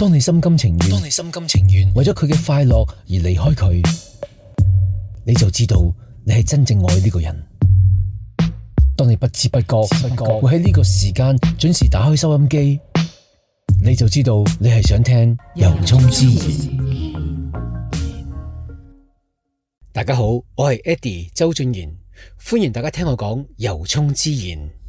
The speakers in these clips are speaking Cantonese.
當你心甘情願，當你心甘情願，為咗佢嘅快樂而離開佢，你就知道你係真正愛呢個人。當你不知不覺，不覺會喺呢個時間準時打開收音機，你就知道你係想聽由衷之言。大家好，我係 Eddie 周俊賢，歡迎大家聽我講由衷之言。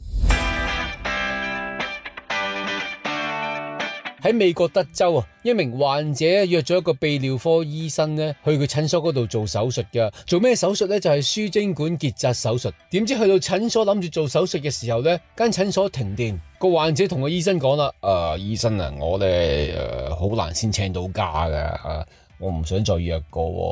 喺美國德州啊，一名患者咧約咗一個泌尿科醫生咧去佢診所嗰度做手術嘅，做咩手術咧？就係、是、輸精管結紮手術。點知去到診所諗住做手術嘅時候咧，間診所停電。個患者同個醫生講啦，啊、呃，醫生啊，我咧好、呃、難先請到假㗎嚇，我唔想再約過、啊。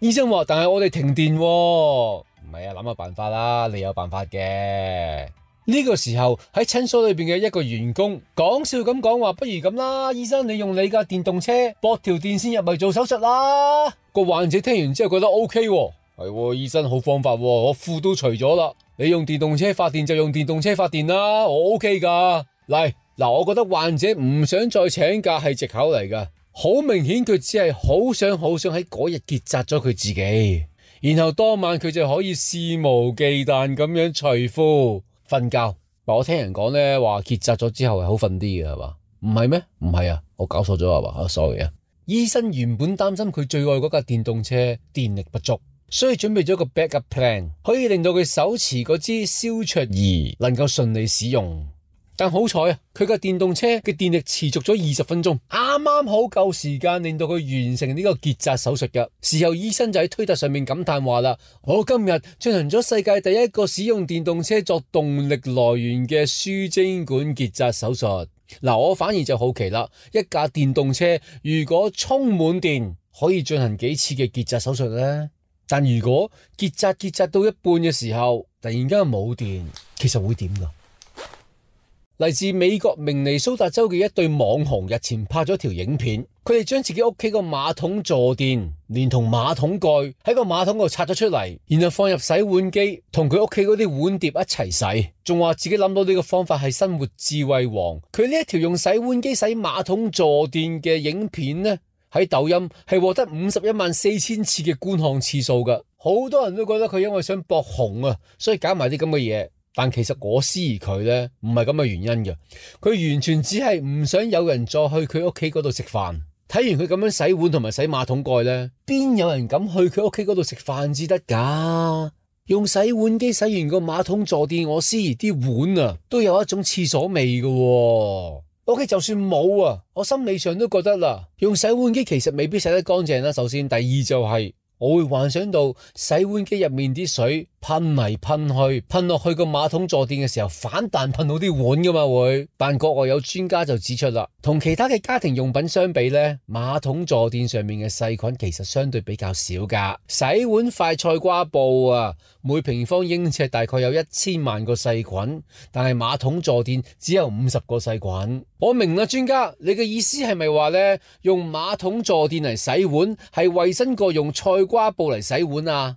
醫生話，但係我哋停電，唔係啊，諗下、啊、辦法啦，你有辦法嘅。呢個時候喺診所裏邊嘅一個員工講笑咁講話，不如咁啦，醫生你用你架電動車駁條電線入嚟，做手術啦。個患者聽完之後覺得 O K 喎，係、哦、醫生好方法喎，哦，我褲都除咗啦，你用電動車發電就用電動車發電啦，我 O K 噶。嚟嗱，我覺得患者唔想再請假係借口嚟噶好明顯佢只係好想好想喺嗰日結紮咗佢自己，然後當晚佢就可以肆無忌憚咁樣除褲。瞓覺，我聽人講呢話結紮咗之後係好瞓啲嘅，係嘛？唔係咩？唔係啊，我搞錯咗啊嘛，啊，sorry 啊。醫生原本擔心佢最愛嗰架電動車電力不足，所以準備咗個 backup plan，可以令到佢手持嗰支燒灼儀能夠順利使用。但好彩啊，佢個電動車嘅電力持續咗二十分鐘，啱啱好夠時間令到佢完成呢個結紮手術嘅時候，醫生就喺推特上面感嘆話啦：我今日進行咗世界第一個使用電動車作動力來源嘅輸精管結紮手術。嗱，我反而就好奇啦，一架電動車如果充滿電，可以進行幾次嘅結紮手術咧？但如果結紮結紮到一半嘅時候，突然間冇電，其實會點噶？來自美國明尼蘇達州嘅一對網紅日前拍咗條影片，佢哋將自己屋企個馬桶坐墊連同馬桶蓋喺個馬桶嗰度拆咗出嚟，然後放入洗碗機同佢屋企嗰啲碗碟一齊洗，仲話自己諗到呢個方法係生活智慧王。佢呢一條用洗碗機洗馬桶坐墊嘅影片呢，喺抖音係獲得五十一萬四千次嘅觀看次數㗎，好多人都覺得佢因為想博紅啊，所以搞埋啲咁嘅嘢。但其實我思疑佢呢，唔係咁嘅原因嘅，佢完全只係唔想有人再去佢屋企嗰度食飯。睇完佢咁樣洗碗同埋洗馬桶蓋呢，邊有人敢去佢屋企嗰度食飯至得噶？用洗碗機洗完個馬桶坐墊，我思疑啲碗啊都有一種廁所味嘅喎。OK，就算冇啊，我心理上都覺得啦，用洗碗機其實未必洗得乾淨啦。首先，第二就係。我會幻想到洗碗機入面啲水噴嚟，噴去，噴落去個馬桶坐墊嘅時候反彈噴到啲碗㗎嘛，會，但國外有專家就指出啦，同其他嘅家庭用品相比呢，馬桶坐墊上面嘅細菌其實相對比較少㗎。洗碗塊菜瓜布啊，每平方英尺大概有一千萬個細菌，但係馬桶坐墊只有五十個細菌。我明啦，專家，你嘅意思係咪話呢，用馬桶坐墊嚟洗碗係衛生過用菜瓜布嚟洗碗啊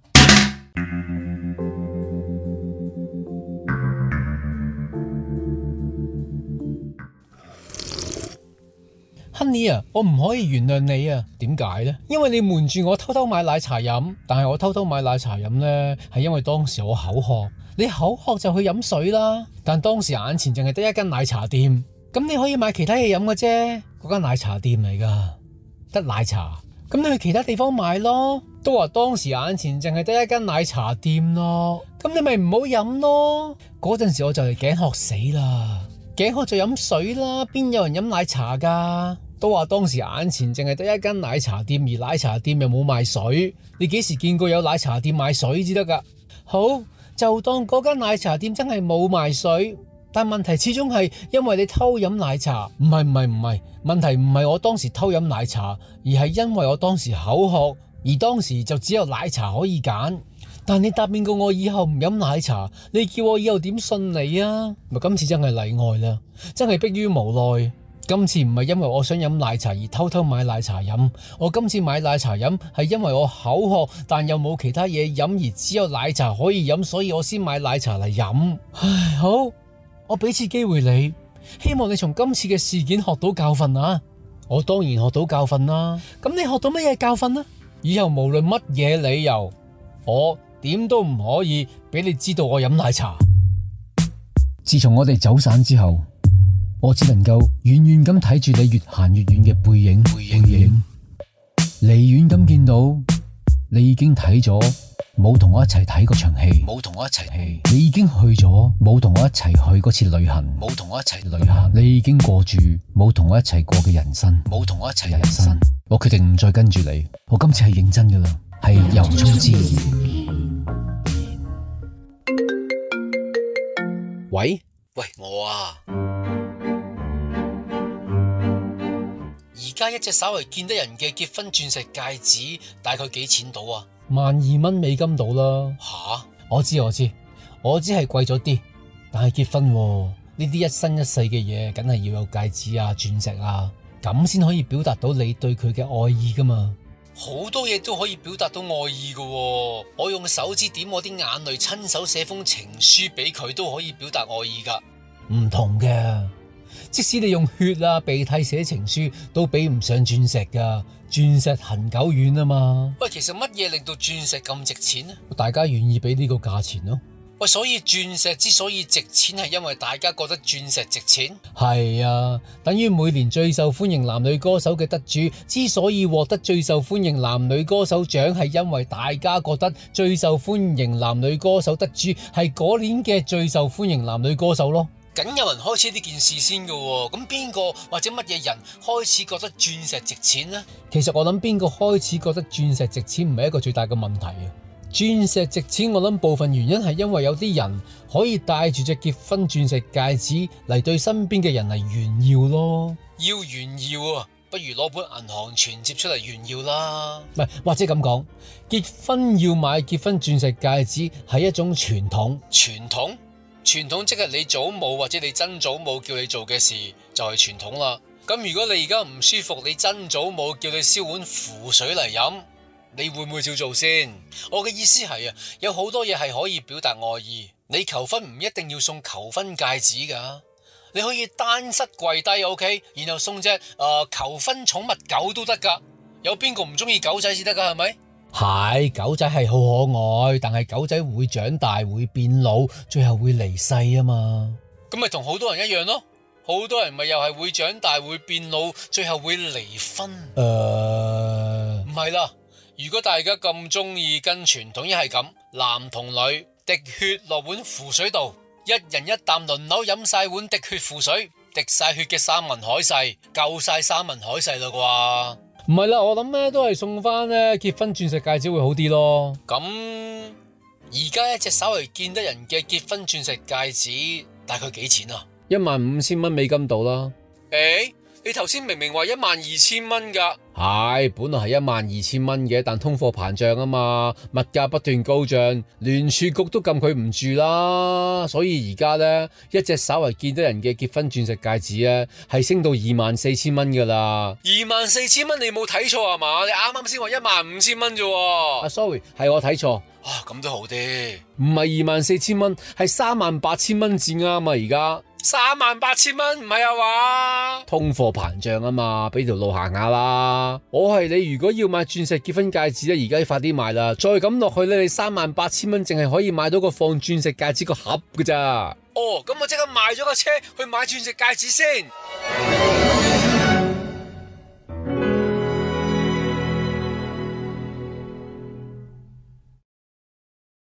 ？Honey 啊，我唔可以原諒你啊。點解呢？因為你瞞住我偷偷買奶茶飲，但係我偷偷買奶茶飲呢，係因為當時我口渴，你口渴就去飲水啦。但當時眼前淨係得一間奶茶店。咁你可以買其他嘢飲嘅啫，嗰間奶茶店嚟噶，得奶茶。咁你去其他地方買咯，都話當時眼前淨係得一間奶茶店咯。咁你咪唔好飲咯。嗰陣時我就嚟頸渴死啦，頸渴就飲水啦，邊有人飲奶茶噶？都話當時眼前淨係得一間奶茶店，而奶茶店又冇賣水。你幾時見過有奶茶店賣水至得噶？好，就當嗰間奶茶店真係冇賣水。但問題始終係因為你偷飲奶茶。唔係唔係唔係，問題唔係我當時偷飲奶茶，而係因為我當時口渴，而當時就只有奶茶可以揀。但你答應過我以後唔飲奶茶，你叫我以後點信你啊？咪今次真係例外啦，真係迫於無奈。今次唔係因為我想飲奶茶而偷偷買奶茶飲，我今次買奶茶飲係因為我口渴，但又冇其他嘢飲而只有奶茶可以飲，所以我先買奶茶嚟飲。唉，好。我俾次機會你，希望你從今次嘅事件學到教訓啊！我當然學到教訓啦，啊。咁你學到乜嘢教訓呢，啊？以後無論乜嘢理由，我點都唔可以俾你知道我飲奶茶。自從我哋走散之後，我只能夠遠遠咁睇住你越行越遠嘅背影，背影，離遠咁見到。你已經睇咗，冇同我一齊睇過場戲；冇同我一齊戲，你已經去咗，冇同我一齊去嗰次旅行；冇同我一齊旅行，你已經過住冇同我一齊過嘅人生；冇同我一齊人生，我，人生我決定唔再跟住你，我今次係認真㗎喇，係由衷之言。喂喂，我啊！加一隻稍微見得人嘅結婚鑽石戒指，大概幾錢到啊？萬二蚊美金到啦。吓，我知我知，我知係貴咗啲，但係結婚呢啲一生一世嘅嘢，梗係要有戒指啊、鑽石啊，咁先可以表達到你對佢嘅愛意噶嘛。好多嘢都可以表達到愛意噶，我用手指點我啲眼淚，親手寫封情書俾佢，都可以表達愛意噶。唔同嘅。即使你用血啊，鼻涕寫情書，都比唔上鑽石噶，鑽石恆久遠啊嘛。喂，其實乜嘢令到鑽石咁值錢呢？大家願意俾呢個價錢咯。喂，所以鑽石之所以值錢，係因為大家覺得鑽石值錢。係啊，等於每年最受歡迎男女歌手嘅得主，之所以獲得最受歡迎男女歌手獎，係因為大家覺得最受歡迎男女歌手得主係嗰年嘅最受歡迎男女歌手咯。梗有人開始呢件事先嘅，咁邊個或者乜嘢人開始覺得鑽石值錢呢？其實我諗邊個開始覺得鑽石值錢唔係一個最大嘅問題啊！鑽石值錢，我諗部分原因係因為有啲人可以帶住隻結婚鑽石戒指嚟對身邊嘅人嚟炫耀咯。要炫耀啊，不如攞本銀行存折出嚟炫耀啦。唔係，或者咁講，結婚要買結婚鑽石戒指係一種傳統。傳統。傳統即係你祖母或者你曾祖母叫你做嘅事就係、是、傳統啦。咁如果你而家唔舒服，你曾祖母叫你燒碗符水嚟飲，你會唔會照做先？我嘅意思係啊，有好多嘢係可以表達愛意。你求婚唔一定要送求婚戒指噶，你可以單膝跪低，OK，然後送隻誒、呃、求婚寵物狗都得噶。有邊個唔中意狗仔先得噶係咪？係、哎、狗仔係好可愛，但係狗仔會長大會變老，最後會離世啊嘛。咁咪同好多人一樣咯，好多人咪又係會長大會變老，最後會離婚。誒、呃，唔係啦，如果大家咁中意跟傳統一係咁，男同女滴血落碗符水度，一人一啖輪流飲晒碗滴血符水，滴晒血嘅山盟海誓，夠晒山盟海誓啦啩。唔係啦，我諗咧都係送翻，咧結婚鑽石戒指會好啲咯。咁而家一隻稍微見得人嘅結婚鑽石戒指大概幾錢啊？一萬五千蚊美金度啦。欸你頭先明明話一萬二千蚊噶，係本來係一萬二千蚊嘅，但通貨膨脹啊嘛，物價不斷高漲，聯儲局都撳佢唔住啦，所以而家咧，一隻稍微見得人嘅結婚鑽石戒指咧，係升到二萬四千蚊噶啦。二萬四千蚊你冇睇錯啊嘛？你啱啱先話一萬五千蚊啫。啊，sorry，係我睇錯。啊，咁都好啲，唔係二萬四千蚊，係三萬八千蚊至啱啊！而家。三萬八千蚊，唔係啊話，通貨膨脹啊嘛，俾條路行下啦。我係你，如果要買鑽石結婚戒指咧，而家要快啲買啦。再咁落去咧，你三萬八千蚊淨係可以買到個放鑽石戒指個盒噶咋？哦，咁我即刻賣咗個車去買鑽石戒指先。